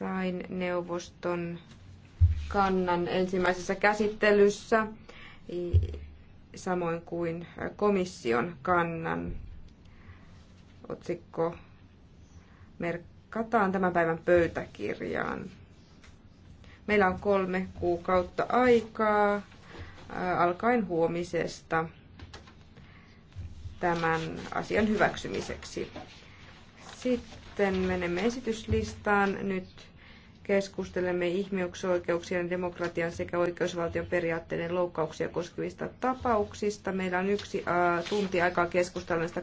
sain neuvoston kannan ensimmäisessä käsittelyssä, samoin kuin komission kannan. Otsikko merkataan tämän päivän pöytäkirjaan. Meillä on kolme kuukautta aikaa alkaen huomisesta tämän asian hyväksymiseksi. Sitten menemme esityslistaan. Nyt keskustelemme ihmisoikeuksien, demokratian sekä oikeusvaltion periaatteiden loukkauksia koskevista tapauksista. Meillä on yksi tunti aikaa keskustella näistä